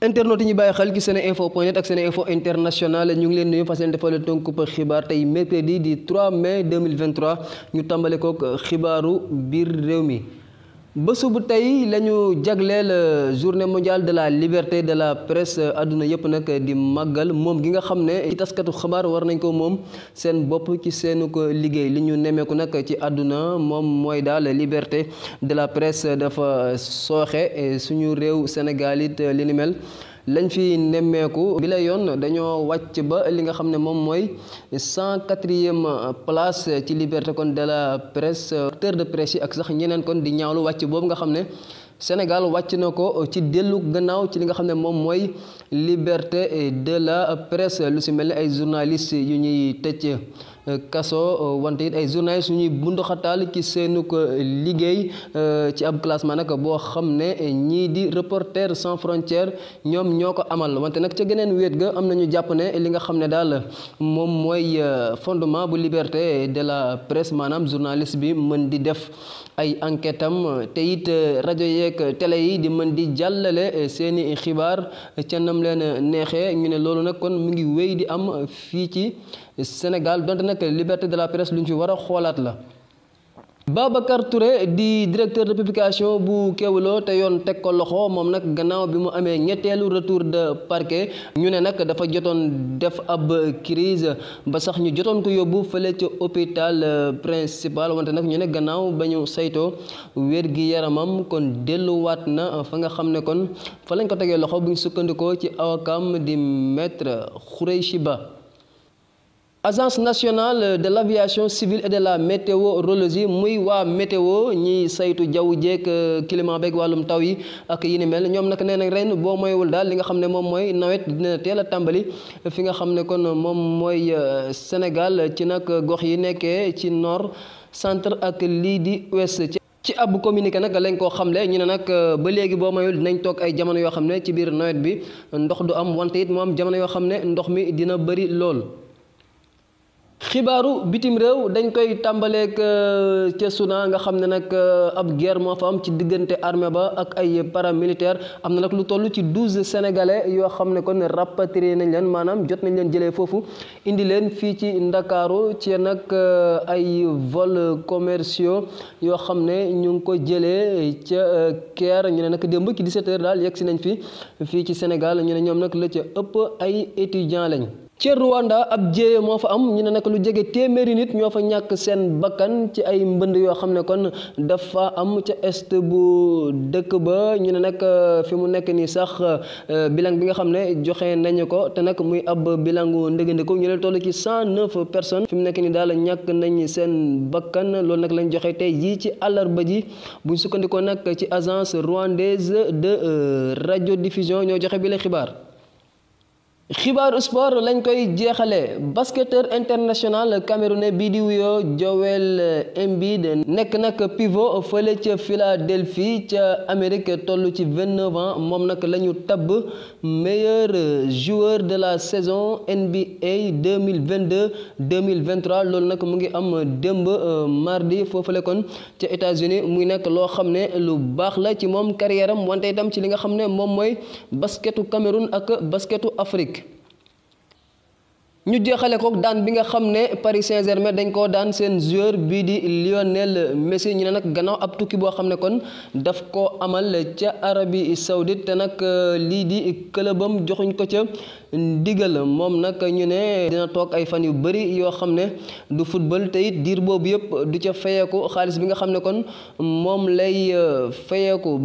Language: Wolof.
internet yi ñu bàyyi xel ci sene info point net ak sene info international ñu ngi leen nuyu fas leen defal tënku xibaar tey mercredi di 3 mai 2023 ñu tàmbale kook xibaaru biir réew mi bésu bu tey la ñu jagleel euh, journée mondiale de la liberté de la presse àdduna euh, yëpp nag di màggal moom gi nga xam ne ci taskatu xabaar war nañ ko moom seen bopp ci seenu ko liggéey li ñu nemeeku nag ci àdduna moom mooy daal liberté de la presse dafa sooxe suñu réew Sénégal it euh, li ni mel lañ fi nemmeeku bi la yoon dañoo wàcc ba li nga xam ne moom mooy cent quatrième place ci liberté kon de la presse teur de presse yi ak sax ñeneen kon di ñaawlu wàcc boobu nga xam ne Sénégal wàcc na ko ci dellu gannaaw ci li nga xam ne moom mooy liberté de la presse lu si mel ni ay journalistes yu ñuy tëj kaso euh, wante it ay journalistes yu ñuy bunduxataal ci seenu ko euh, liggéey euh, ci ab ma nag boo xam ne ñii di reporter sans frontière ñoom ñoo ko amal wante nag ca geneen wéet ga am nañu jàpp ne li nga xam ne daal moom mooy fondement bu liberté de la presse maanaam journaliste bi mën di def ay enquête am te it rajo yeeg télé yi di mën di jàllale seeni xibaar ca nam leen neexee ñu ne loolu nag kon mu ngi wéy di am fii ci Sénégal donte nag nag liberté de la presse lu ñu ci war a xoolaat la Babacar Touré di directeur de publication bu Kéwoulo te yoon teg ko loxo moom nag gannaaw bi mu amee ñetteelu retour de parquet ñu ne nag dafa jotoon def ab crise ba sax ñu jotoon ko yóbbu fële ci hôpital euh, principal wante nag ñu ne gannaaw ba ñu saytoo wér gi yaramam kon delluwaat na fa nga xam ne kon fa lañ ko tegee loxo bu ñu sukkandikoo ci awakam di maître Khoureychi Ba agence nationale de l' aviation civile et de la météo météorologie muy waa météo ñi saytu jaww jeeg euh, climat beeg wàllum taw yi ak yi ni mel ñoom nag nee nañ ren boo moywul daal li nga xam ne moom mooy nawet dina teel a tàmbali fi nga xam ne kon moom mooy euh, Sénégal ci nag gox yi nekkee ci nord centre ak lii di ouest. ci ab communiqué nag lañ koo xamle ñu ne nag euh, ba léegi boo mayul dinañ toog ay jamono yoo xam ne ci biir nawet bi ndox du am wante it mu jamono yoo xam ne ndox mi dina bëri lool. xibaaru bitim réew dañ koy tàmbaleeg euh, ca Soudan nga xam ne nag euh, ab guerre fa am ci diggante armée ba ak ay paramilitaire am na nag lu toll ci douze sénégalais yoo xam ne kon rapatrié nañ leen maanaam jot nañ leen jëlee foofu indi leen fii ci ndakaaru ci nag euh, ay vols commerciaux yoo xam ne ñu ngi ko jëlee ca Caire ñu ne nag démb ci di heures daal yegg si nañ fii fii ci Sénégal ñu ne ñoom nag la ca ëpp ay étudiants lañ. ci Rwanda ab jéeye moo fa am ñu ne nag lu jege téeméeri nit ñoo fa ñàkk seen bakkan ci ay mbënd yoo xam ne kon dafa am ca est bu dëkk ba ñu ne nag euh, fi mu nekk nii sax euh, bilan bi nga xam ne joxe nañu ko te nag muy ab bilangu ndëgëndëku ñu ne toll ci cent neuf personnes fi mu nekk nii daal ñàkk nañ seen bakkan loolu nag lañ joxe tey jii ci àllarba ji buñ sukkandikoo nag ci agence rwandaise de euh, radiodiffusion ñoo joxe bila xibaar xibaaru sport lañ koy jeexalee basketteur international camerounais bii di wuyoo Joel Embiid nekk nag pivot fële ca Philadelphie ca Amérique toll ci vingt-neuf moom nag la ñu tabb meilleur joueur de la saison NBA deux mille vingt-deux deux mille vingt loolu nag mu ngi am démb euh, mardi foofule kon ca états mu muy nekk loo xam ne lu baax la ci moom carrière am wante itam ci li nga xam ne moom mooy basketu Cameroun ak basketu Afrique. ñu jeexale ko daan bi nga xam ne Paris Saint-Germain dañ koo daan seen joueur bii di Lionel Messi ñu ne nag gannaaw ab tukki boo xam ne kon daf koo amal ca Arabie Saoudite te nag euh, lii di këlëbam joxuñ ko ca ndigal moom nag ñu ne dina toog ay fan yu bëri yoo xam ne du football tey it diir boobu yëpp du ca fayeeku xaalis bi nga xam ne kon moom lay euh, fayeeku